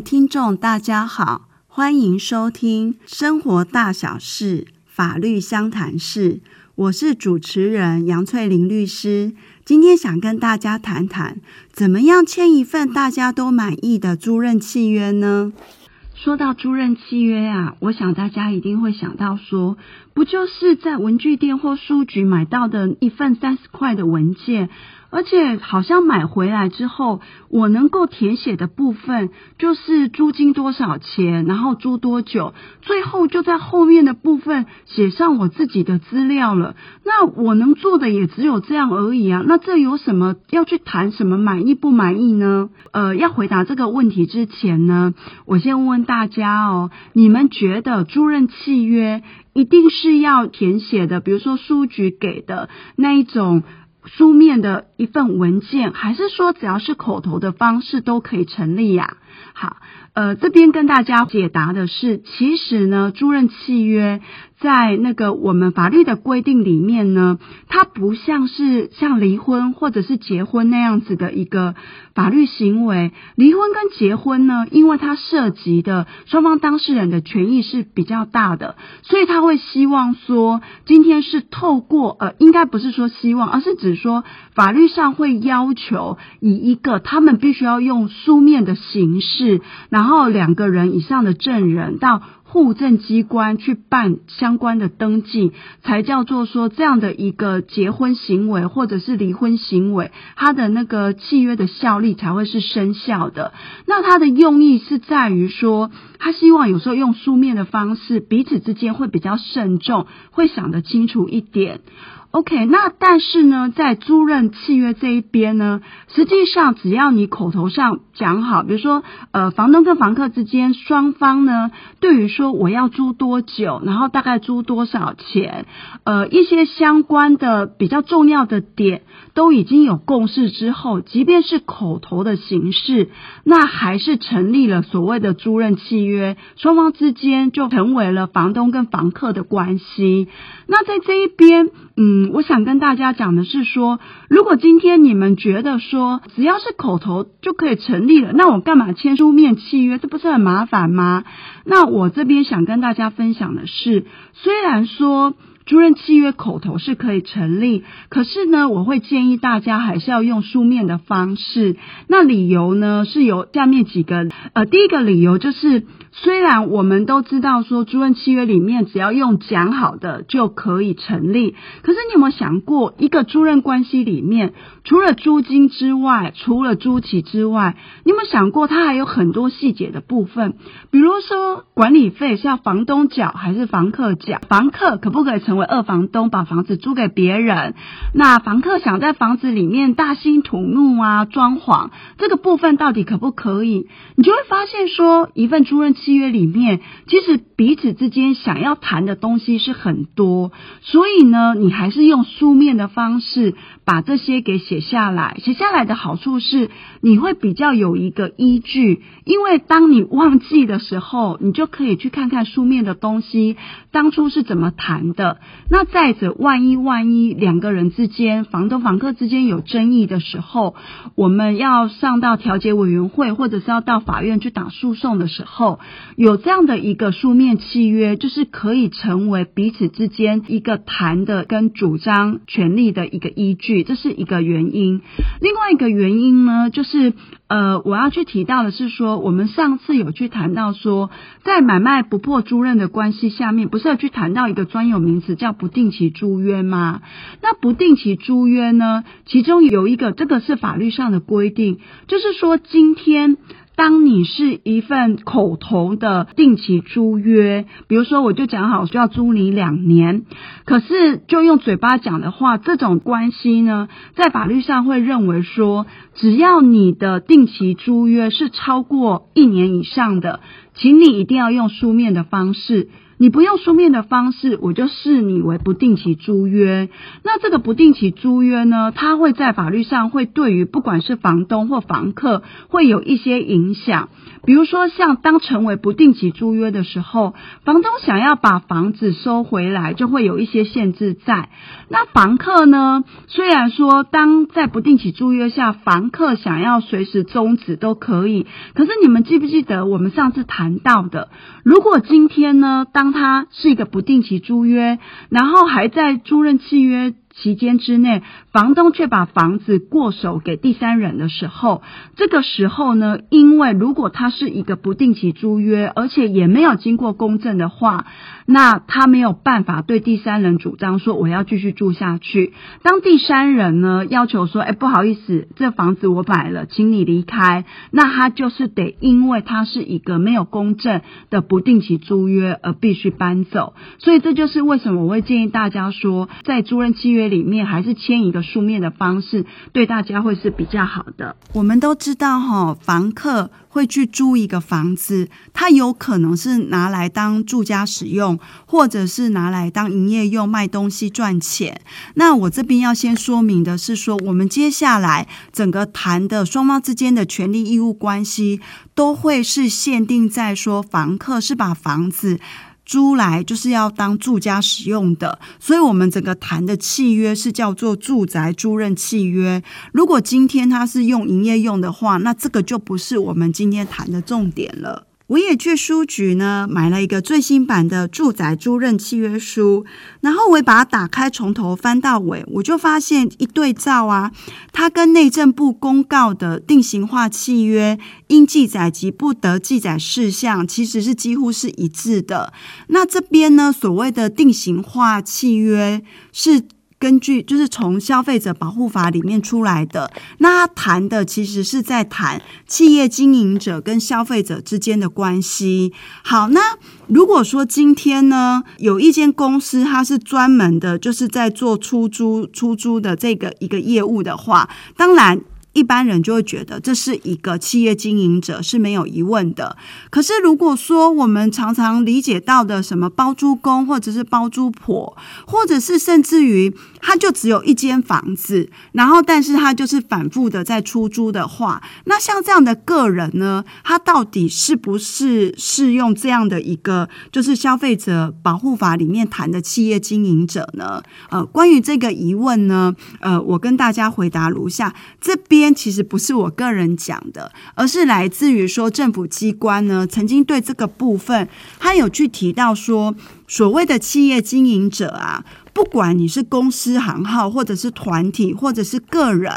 聽眾大家好，歡迎收聽《生活大小事·法律相談室》，我是主持人楊翠玲律師。今天想跟大家談談，怎麼樣簽一份大家都滿意的租賃契約呢？說到租賃契約啊，我想大家一定會想到說，不就是在文具店或書局買到的一份三十塊的文件？而且好像買回來之後，我能夠填寫的部分就是租金多少錢，然後租多久，最後就在後面的部分寫上我自己的資料了。那我能做的也只有這樣而已啊！那這有什麼要去談什麼滿意不滿意呢？呃，要回答這個問題之前呢，我先問問大家哦，你們覺得租賃契約一定是要填寫的？比如說，書局給的那一種。書面的一份文件，還是說只要是口頭的方式都可以成立呀、啊？好，呃，這邊跟大家解答的是，其實呢，租賃契約。在那個我們法律的規定裡面呢，它不像是像離婚或者是結婚那樣子的一個法律行為。離婚跟結婚呢，因為它涉及的雙方當事人的權益是比較大的，所以他會希望說，今天是透過呃，應該不是說希望，而是指說法律上會要求以一個他們必須要用書面的形式，然後兩個人以上的證人到。戶政機關去辦相關的登記，才叫做說這樣的一個結婚行為或者是離婚行為，他的那個契約的效力才會是生效的。那他的用意是在於說，他希望有時候用書面的方式，彼此之間會比較慎重，會想得清楚一點。OK，那但是呢，在租賃契約這一邊呢，實際上只要你口頭上講好，比如說呃，房東跟房客之間雙方呢，對於說我要租多久，然後大概租多少錢，呃，一些相關的比較重要的點都已經有共識之後，即便是口頭的形式，那還是成立了所謂的租賃契約，雙方之間就成為了房東跟房客的關係。那在這一邊，嗯。嗯、我想跟大家講的是說，如果今天你們覺得說只要是口頭就可以成立了，那我幹嘛簽書面契約？這不是很麻煩嗎？那我這邊想跟大家分享的是，雖然說租賃契約口頭是可以成立，可是呢，我會建議大家還是要用書面的方式。那理由呢，是有下面幾個，呃，第一個理由就是。雖然我們都知道說租賃契約裡面只要用講好的就可以成立，可是你有沒有想過一個租賃關係裡面，除了租金之外，除了租期之外，你有沒有想過它還有很多細節的部分？比如說管理費是要房東繳還是房客繳？房客可不可以成為二房東把房子租給別人？那房客想在房子裡面大興土木啊，裝潢這個部分到底可不可以？你就會發現說一份租賃契約。契約裡面，其實彼此之間想要談的東西是很多，所以呢，你還是用書面的方式。把這些給寫下來，寫下來的好處是你會比較有一個依據，因為當你忘記的時候，你就可以去看看書面的東西當初是怎麼談的。那再者，萬一萬一兩個人之間房東房客之間有爭議的時候，我們要上到調解委員會，或者是要到法院去打訴訟的時候，有這樣的一個書面契約，就是可以成為彼此之間一個談的跟主張權利的一個依據。這是一個原因，另外一個原因呢，就是呃，我要去提到的是說，我們上次有去談到說，在買賣不破租賃的關係下面，不是要去談到一個專有名詞叫不定期租約嗎？那不定期租約呢，其中有一個，這個是法律上的規定，就是說今天。當你是一份口頭的定期租約，比如說我就講好需要租你兩年，可是就用嘴巴講的話，這種關係呢，在法律上會認為說，只要你的定期租約是超過一年以上的，請你一定要用書面的方式。你不用書面的方式，我就視你為不定期租約。那這個不定期租約呢，它會在法律上會對於不管是房東或房客會有一些影響。比如說，像當成為不定期租約的時候，房東想要把房子收回來，就會有一些限制在。那房客呢，雖然說當在不定期租約下，房客想要隨時終止都可以。可是你們記不記得我們上次談到的，如果今天呢，當它是一個不定期租約，然後還在租賃契約期間之內。房東卻把房子過手給第三人的時候，這個時候呢，因為如果他是一個不定期租約，而且也沒有經過公證的話，那他沒有辦法對第三人主張說我要繼續住下去。當第三人呢要求說，哎、欸，不好意思，這房子我買了，請你離開，那他就是得，因為他是一個沒有公證的不定期租約而必須搬走。所以這就是為什麼我會建議大家說，在租賃契約裡面還是簽一個。書面的方式對大家會是比較好的。我們都知道，哈，房客會去租一個房子，他有可能是拿來當住家使用，或者是拿來當營業用賣東西賺錢。那我這邊要先說明的是說，我們接下來整個談的雙方之間的權利義務關係，都會是限定在說，房客是把房子。租來就是要當住家使用的，所以我們整個談的契約是叫做住宅租賃契約。如果今天他是用營業用的話，那這個就不是我們今天談的重點了。我也去書局呢，買了一個最新版的《住宅租賃契約書》，然後我也把它打開，從頭翻到尾，我就發現一對照啊，它跟內政部公告的定型化契約應記載及不得記載事項其實是幾乎是一致的。那這邊呢，所謂的定型化契約是。根據就是從消費者保護法裡面出來的，那他談的其實是在談企業經營者跟消費者之間的關係。好，那如果說今天呢，有一間公司，它是專門的，就是在做出租、出租的這個一個業務的話，當然。一般人就會覺得這是一個企業經營者，是沒有疑問的。可是如果說我們常常理解到的什麼包租公或者是包租婆，或者是甚至於他就只有一間房子，然後但是他就是反復的在出租的話，那像這樣的個人呢，他到底是不是適用這樣的一個就是消費者保護法裡面談的企業經營者呢？呃，關於這個疑問呢，呃，我跟大家回答如下，這邊。其實不是我個人講的，而是來自於說政府機關呢，曾經對這個部分，他有去提到說，所謂的企業經營者啊。不管你是公司行號，或者是團體，或者是個人，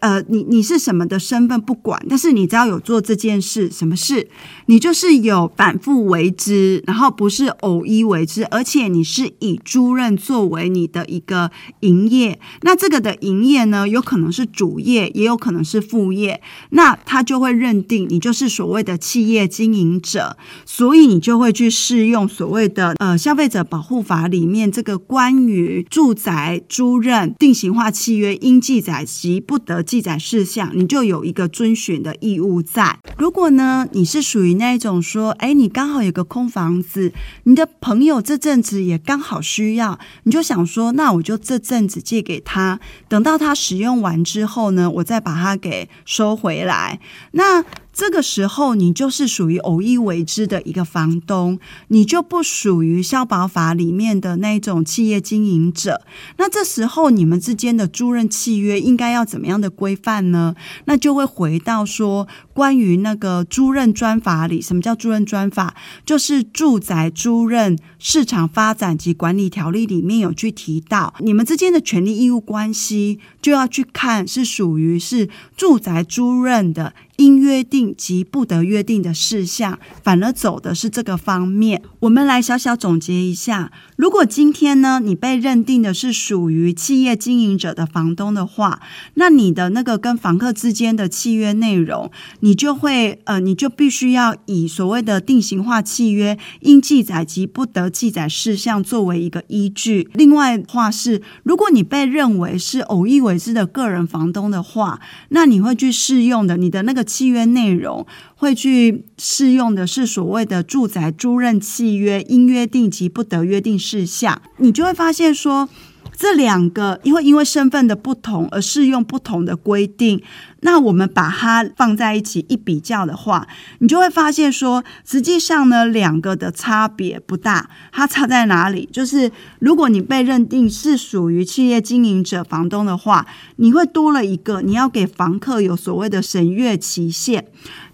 呃，你你是什麼的身份不管，但是你只要有做這件事，什麼事，你就是有反覆為之，然後不是偶一為之，而且你是以租賃作為你的一個營業，那這個的營業呢，有可能是主業，也有可能是副業，那他就會認定你就是所謂的企業經營者，所以你就會去適用所謂的呃消費者保護法裡面這個關於。住宅租賃定型化契約應記載及不得記載事項，你就有一個遵循的義務在。如果呢，你是屬於那種說，哎、欸，你剛好有個空房子，你的朋友這陣子也剛好需要，你就想說，那我就這陣子借給他，等到他使用完之後呢，我再把它給收回來。那這個時候，你就是屬於偶一為之的一個房東，你就不屬於消保法裡面的那種企業經營者。那這時候，你們之間的租賃契約應該要怎麼樣的規範呢？那就會回到說，關於那個租賃專法裡，什麼叫租賃專法？就是《住宅租賃市場發展及管理條例》裡面有去提到，你們之間的權利義務關係就要去看是屬於是住宅租賃的。應約定及不得約定的事項，反而走的是這個方面。我們來小小總結一下：如果今天呢，你被認定的是屬於企業經營者的房東的話，那你的那個跟房客之間的契約內容，你就會呃，你就必須要以所謂的定型化契約應記載及不得記載事項作為一個依據。另外的話是，如果你被認為是偶一為之的個人房東的話，那你會去適用的你的那個。契約內容會去適用的是所謂的住宅租賃契約應約定及不得約定事項，你就會發現說，這兩個因為因為身份的不同而適用不同的規定。那我們把它放在一起一比較的話，你就會發現說，實際上呢，兩個的差別不大。它差在哪裡？就是如果你被認定是屬於企業經營者房東的話，你會多了一個你要給房客有所謂的審閱期限。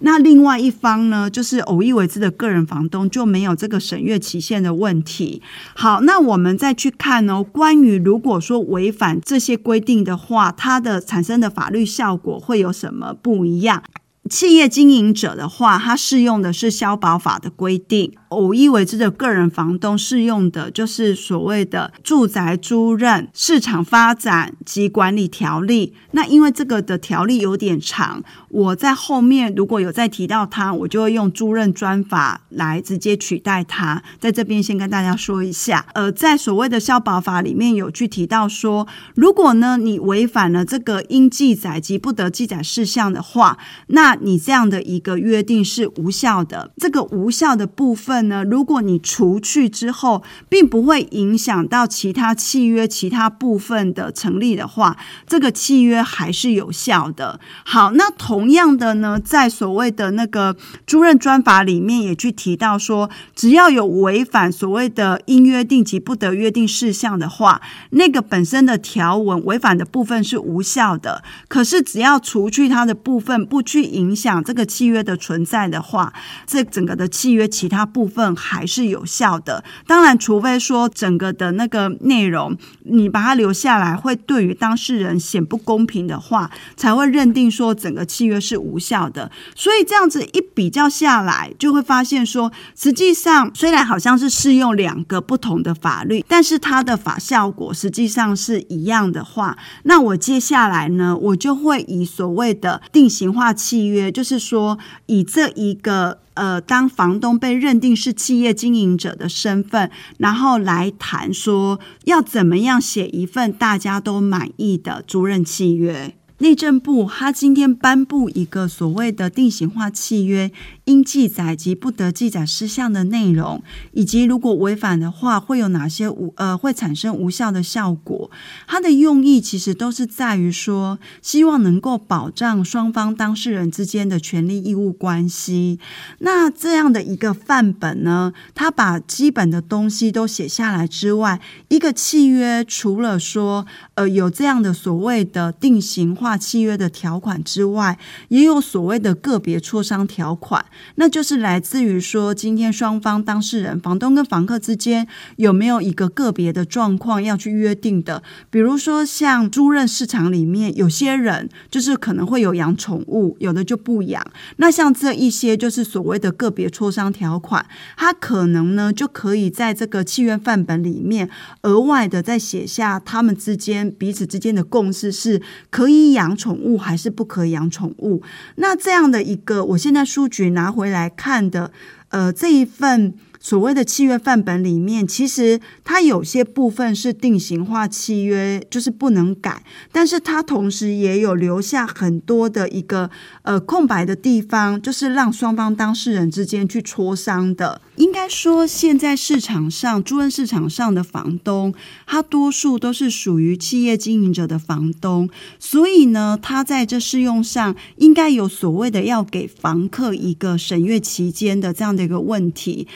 那另外一方呢，就是偶一為之的個人房東就沒有這個審閱期限的問題。好，那我們再去看哦，關於如果說違反這些規定的話，它的產生的法律效果會有什麼不一樣？企業經營者的話，它適用的是消保法的規定；偶一為之的個人房東適用的就是所謂的住宅租賃市場發展及管理條例。那因為這個的條例有點長，我在後面如果有再提到它，我就會用租賃專法來直接取代它。在這邊先跟大家說一下，呃，在所謂的消保法裡面有去提到說，如果呢你違反了這個應記載及不得記載事項的話，那你這樣的一個約定是無效的，這個無效的部分呢，如果你除去之後，並不會影響到其他契約其他部分的成立的話，這個契約還是有效的。好，那同樣的呢，在所謂的那個租賃專法裡面也去提到說，只要有違反所謂的應約定及不得約定事項的話，那個本身的條文違反的部分是無效的，可是只要除去它的部分，不去影。影響這個契約的存在的話，這整個的契約其他部分還是有效的。當然，除非說整個的那個內容你把它留下來，會對於當事人顯不公平的話，才會認定說整個契約是無效的。所以這樣子一比較下來，就會發現說，實際上雖然好像是適用兩個不同的法律，但是它的法效果實際上是一樣的話，那我接下來呢，我就會以所謂的定型化契約。約就是說，以這一個呃，當房東被認定是企業經營者的身份，然後來談說要怎麼樣寫一份大家都滿意的租賃契約。內政部他今天頒布一個所謂的定型化契約，應記載及不得記載事項的內容，以及如果違反的話會有哪些無，呃，會產生無效的效果。他的用意其實都是在於說，希望能夠保障雙方當事人之間的權利義務關係。那這樣的一個範本呢，他把基本的東西都寫下來之外，一個契約除了說，呃，有這樣的所謂的定型化。契約的條款之外，也有所謂的個別磋商條款，那就是來自於說，今天雙方當事人房東跟房客之間有沒有一個個別的狀況要去約定的，比如說像租賃市場裡面有些人就是可能會有養寵物，有的就不養。那像這一些就是所謂的個別磋商條款，它可能呢就可以在這個契約範本裡面額外的再寫下他們之間彼此之間的共識是可以。養寵物還是不可以養寵物？那這樣的一個，我現在書局拿回來看的，呃，這一份所謂的契約範本裡面，其實它有些部分是定型化契約，就是不能改，但是它同時也有留下很多的一個呃空白的地方，就是讓雙方當事人之間去磋商的。應該說，現在市場上，租賃市場上的房東，他多數都是屬於企業經營者的房東，所以呢，他在這適用上應該有所謂的要給房客一個審閱期間的這樣的一個問題。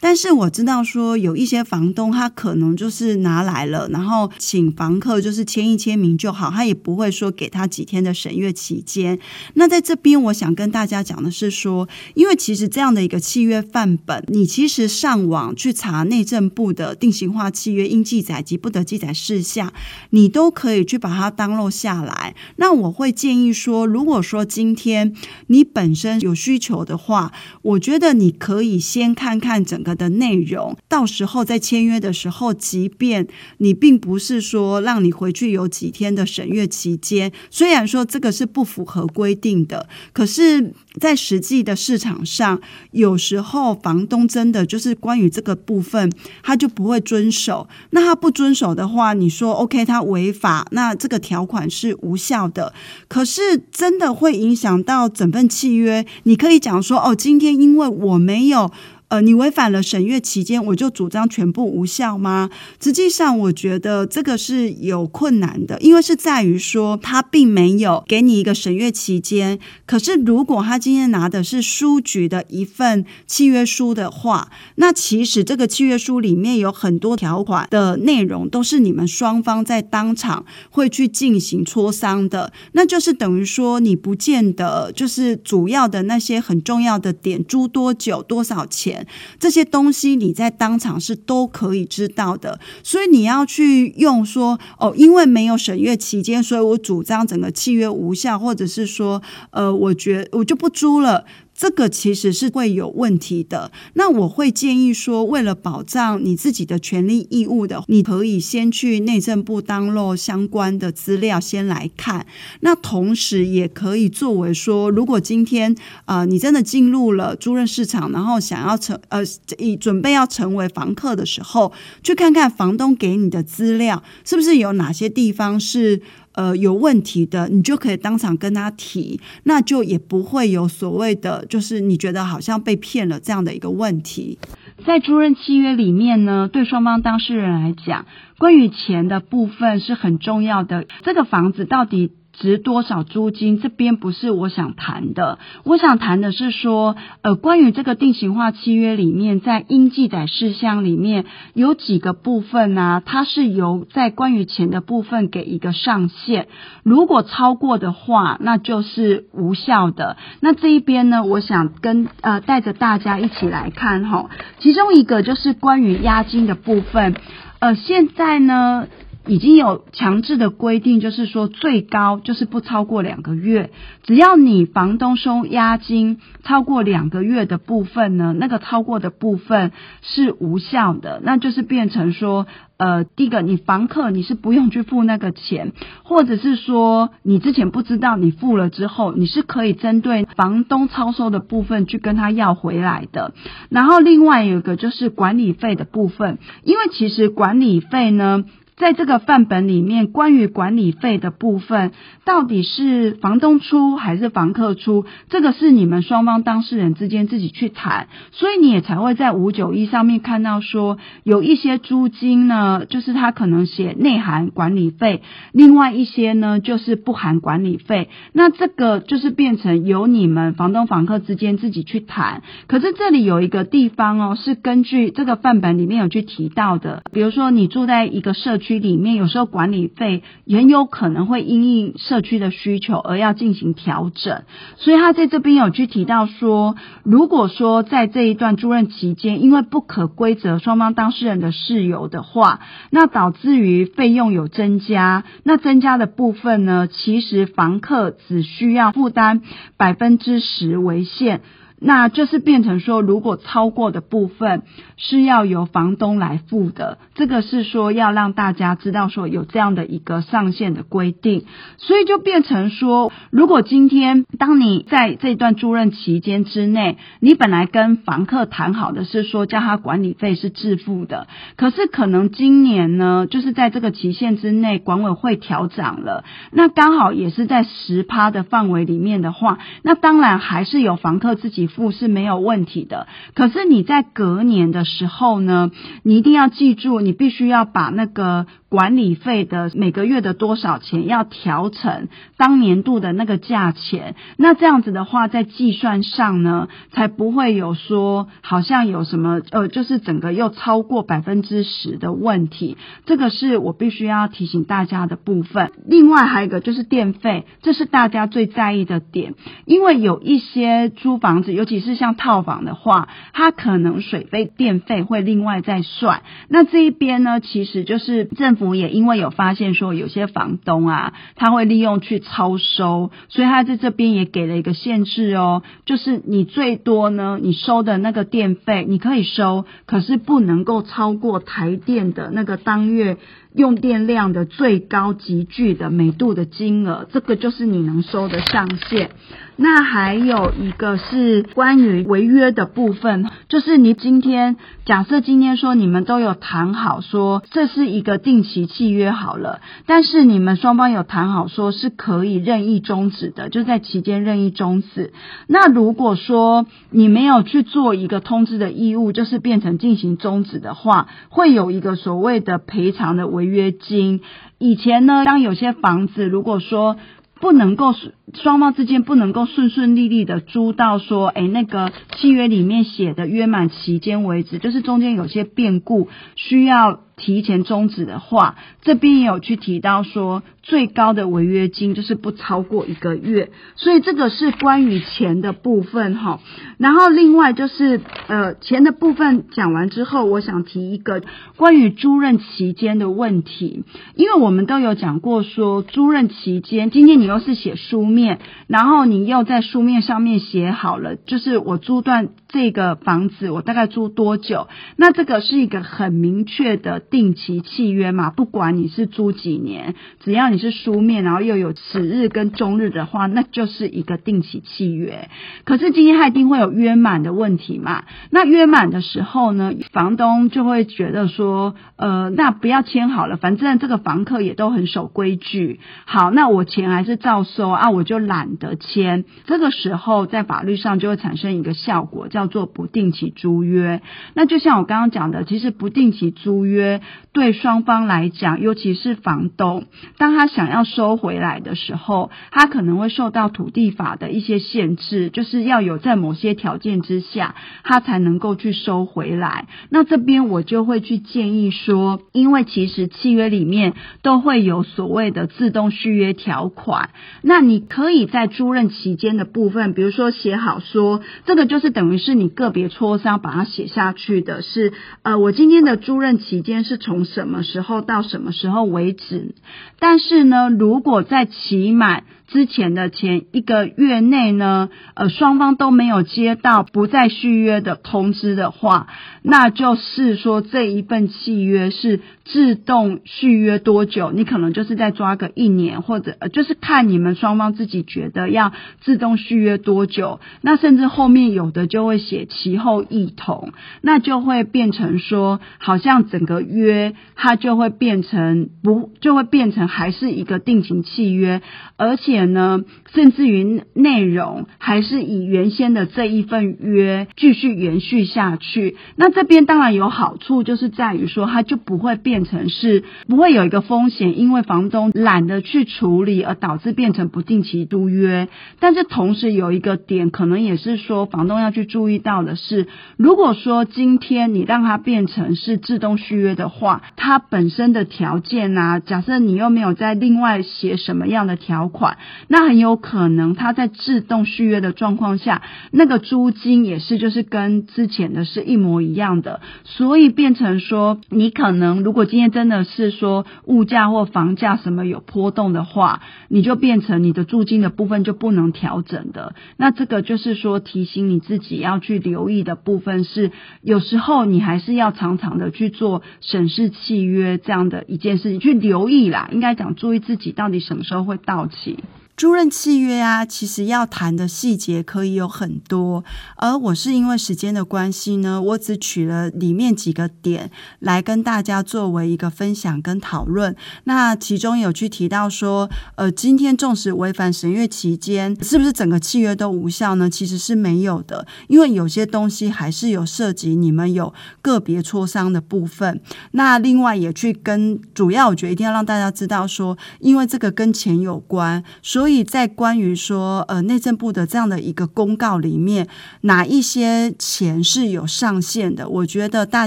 但是我知道說，有一些房東他可能就是拿來了，然後請房客就是簽一簽名就好，他也不會說給他幾天的審閱期間。那在這邊，我想跟大家講的是說，因為其實這樣的一個契約範本，你。其實上網去查內政部的定型化契約，應記載及不得記載事項，你都可以去把它 download 下來。那我會建議說，如果說今天你本身有需求的話，我覺得你可以先看看整個的內容，到時候在簽約的時候，即便你並不是說讓你回去有幾天的審閱期間，雖然說這個是不符合規定的，可是。在實際的市場上，有時候房東真的就是關於這個部分，他就不會遵守。那他不遵守的話，你說 OK，他違法，那這個條款是無效的。可是真的會影響到整份契約。你可以講說，哦，今天因為我沒有。呃，你違反了審閱期間，我就主張全部無效嗎？實際上，我覺得這個是有困難的，因為是在於說他並沒有給你一個審閱期間。可是，如果他今天拿的是書局的一份契約書的話，那其實這個契約書裡面有很多條款的內容都是你們雙方在當場會去進行磋商的，那就是等於說你不見得就是主要的那些很重要的點，租多久，多少錢。這些東西你在當場是都可以知道的，所以你要去用說哦，因為沒有審閱期間，所以我主張整個契約無效，或者是說，呃，我覺得我就不租了。這個其實是會有問題的。那我會建議說，為了保障你自己的權利義務的，你可以先去內政部 download 相關的資料先來看。那同時也可以作為說，如果今天啊，呃，你真的進入了租賃市場，然後想要成呃以準備要成為房客的時候，去看看房東給你的資料是不是有哪些地方是。呃，有問題的，你就可以當場跟他提，那就也不會有所謂的，就是你覺得好像被騙了這樣的一個問題。在租賃契約裡面呢，對雙方當事人來講，關於錢的部分是很重要的。這個房子到底值多少租金，這邊不是我想談的，我想談的是說，呃，關於這個定型化契約裡面，在應記載事項裡面有幾個部分啊，它是由在關於錢的部分給一個上限，如果超過的話，那就是無效的。那這一邊呢，我想跟呃帶着大家一起來看齁，其中一個就是關於押金的部分，呃，現在呢。已經有強制的規定，就是說最高就是不超過兩個月。只要你房東收押金超過兩個月的部分呢，那個超過的部分是無效的，那就是變成說，呃，第一個你房客你是不用去付那個錢，或者是說你之前不知道你付了之後，你是可以針對房東超收的部分去跟他要回來的。然後另外有一個就是管理費的部分，因為其實管理費呢。在這個範本裡面，關於管理費的部分，到底是房東出還是房客出？這個是你們雙方當事人之間自己去談，所以你也才會在五九一上面看到說有一些租金呢，就是他可能寫內含管理費，另外一些呢就是不含管理費。那這個就是變成由你們房東房客之間自己去談。可是這裡有一個地方哦，是根據這個範本裡面有去提到的，比如說你住在一個社區。區裡面有時候管理費也有可能會因應社區的需求而要進行調整，所以他在這邊有去提到說，如果說在這一段租賃期間，因為不可歸責雙方當事人的事由的話，那導致於費用有增加，那增加的部分呢，其實房客只需要負擔百分之十為限。那就是變成說，如果超過的部分是要由房東來付的，這個是說要讓大家知道說有這樣的一個上限的規定，所以就變成說，如果今天當你在這段租賃期間之內，你本來跟房客談好的是說叫他管理費是自付的，可是可能今年呢，就是在這個期限之內，管委會調漲了，那剛好也是在十趴的範圍裡面的話，那當然還是由房客自己。不是沒有問題的，可是你在隔年的時候呢，你一定要記住，你必須要把那個管理費的每個月的多少錢要調成當年度的那個價錢，那這樣子的話，在計算上呢，才不會有說好像有什麼呃，就是整個又超過百分之十的問題，這個是我必須要提醒大家的部分。另外還有一個就是電費，這是大家最在意的點，因為有一些租房子。尤其是像套房的話，它可能水費、電費會另外再算。那這一邊呢，其實就是政府也因為有發現說有些房東啊，他會利用去超收，所以他在這邊也給了一個限制哦，就是你最多呢，你收的那個電費你可以收，可是不能夠超過台電的那個當月用電量的最高級距的每度的金額，這個就是你能收的上限。那還有一個是關於違約的部分，就是你今天假設今天說你們都有談好說這是一個定期契約好了，但是你們雙方有談好說是可以任意終止的，就在期間任意終止。那如果說你沒有去做一個通知的義務，就是變成進行終止的話，會有一個所謂的賠償的違約金。以前呢，當有些房子如果說不能夠。雙方之間不能夠順順利利的租到說，誒、欸，那個契約裡面寫的約滿期間為止，就是中間有些變故需要提前終止的話，這邊也有去提到說，最高的違約金就是不超過一個月，所以這個是關於錢的部分哈。然後另外就是呃錢的部分講完之後，我想提一個關於租賃期間的問題，因為我們都有講過說租賃期間，今天你又是寫書面。面，然後你又在書面上面寫好了，就是我租賃。這個房子我大概租多久？那這個是一個很明確的定期契約嘛？不管你是租幾年，只要你是書面，然後又有始日跟終日的話，那就是一個定期契約。可是今天還一定會有約滿的問題嘛？那約滿的時候呢，房東就會覺得說，呃，那不要簽好了，反正這個房客也都很守規矩。好，那我錢還是照收啊，我就懶得簽。這個時候在法律上就會產生一個效果叫。做不定期租約，那就像我剛剛講的，其實不定期租約對雙方來講，尤其是房東，當他想要收回來的時候，他可能會受到土地法的一些限制，就是要有在某些條件之下，他才能夠去收回來。那這邊我就會去建議說，因為其實契約裡面都會有所謂的自動續約條款，那你可以在租賃期間的部分，比如說寫好說，這個就是等於是。你個別磋商把它寫下去的是，是呃，我今天的租賃期間是從什麼時候到什麼時候為止，但是呢，如果在期滿之前的前一個月內呢，呃，雙方都沒有接到不再續約的通知的話。那就是說，這一份契約是自動續約多久？你可能就是再抓個一年，或者就是看你們雙方自己覺得要自動續約多久。那甚至後面有的就會寫“其後亦同”，那就會變成說，好像整個約它就會變成不，就會變成還是一個定期契約，而且呢，甚至於內容還是以原先的這一份約繼續延續下去。那這邊當然有好處，就是在於說，它就不會變成是不會有一個風險，因為房東懶得去處理，而導致變成不定期租約。但是同時有一個點，可能也是說房東要去注意到的是，如果說今天你讓它變成是自動續約的話，它本身的條件啊，假設你又沒有再另外寫什麼樣的條款，那很有可能它在自動續約的狀況下，那個租金也是就是跟之前的是一模一樣。這樣的，所以變成說，你可能如果今天真的是說物價或房價什麼有波動的話，你就變成你的租金的部分就不能調整的。那這個就是說提醒你自己要去留意的部分是，有時候你還是要常常的去做審視契約這樣的一件事情，去留意啦。應該講注意自己到底什麼時候會到期。租賃契約啊，其實要談的細節可以有很多，而我是因為時間的關係呢，我只取了裡面幾個點來跟大家作為一個分享跟討論。那其中有去提到說，呃，今天縱使違反審閱期間，是不是整個契約都無效呢？其實是沒有的，因為有些東西還是有涉及你們有個別磋商的部分。那另外也去跟主要，我覺得一定要讓大家知道說，因為這個跟錢有關，所以在關於說呃內政部的這樣的一個公告裡面，哪一些錢是有上限的？我覺得大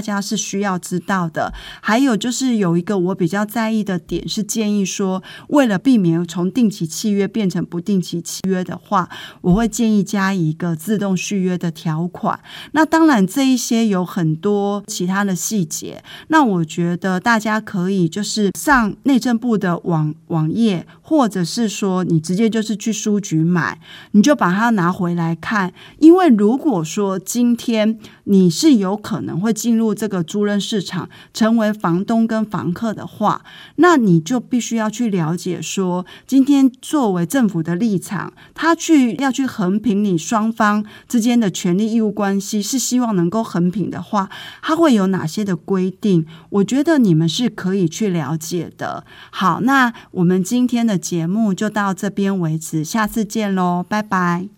家是需要知道的。還有就是有一個我比較在意的點是建議說，為了避免從定期契約變成不定期契約的話，我會建議加一個自動續約的條款。那當然這一些有很多其他的細節，那我覺得大家可以就是上內政部的網網頁，或者是說你。直接就是去書局買，你就把它拿回來看。因為如果說今天你是有可能會進入這個租賃市場，成為房東跟房客的話，那你就必須要去了解說，今天作為政府的立場，他去要去衡平你雙方之間的權利義務關係，是希望能夠衡平的話，他會有哪些的規定？我覺得你們是可以去了解的。好，那我們今天的節目就到這邊為止，下次見嘍，拜拜。